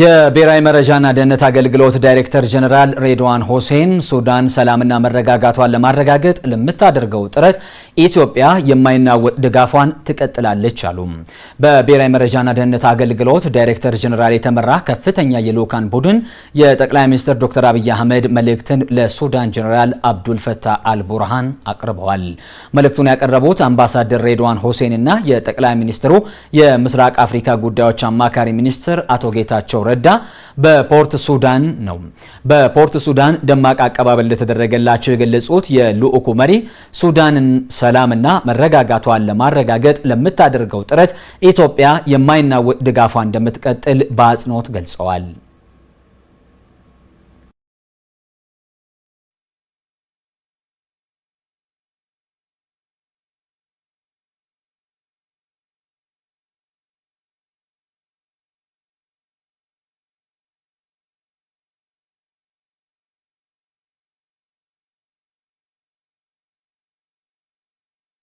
የብሔራዊ መረጃና ደህንነት አገልግሎት ዳይሬክተር ጀኔራል ሬድዋን ሆሴን ሱዳን ሰላምና መረጋጋቷን ለማረጋገጥ ለምታደርገው ጥረት ኢትዮጵያ የማይናወጥ ድጋፏን ትቀጥላለች አሉ። በብሔራዊ መረጃና ደህንነት አገልግሎት ዳይሬክተር ጀኔራል የተመራ ከፍተኛ የልዑካን ቡድን የጠቅላይ ሚኒስትር ዶክተር አብይ አህመድ መልእክትን ለሱዳን ጀኔራል አብዱልፈታ አልቡርሃን አቅርበዋል። መልእክቱን ያቀረቡት አምባሳደር ሬድዋን ሆሴን እና የጠቅላይ ሚኒስትሩ የምስራቅ አፍሪካ ጉዳዮች አማካሪ ሚኒስትር አቶ ጌታቸው ረዳ በፖርት ሱዳን ነው። በፖርት ሱዳን ደማቅ አቀባበል እንደተደረገላቸው የገለጹት የልዑኩ መሪ ሱዳንን ሰላምና መረጋጋቷን ለማረጋገጥ ለምታደርገው ጥረት ኢትዮጵያ የማይናወጥ ድጋፏ እንደምትቀጥል በአጽንኦት ገልጸዋል።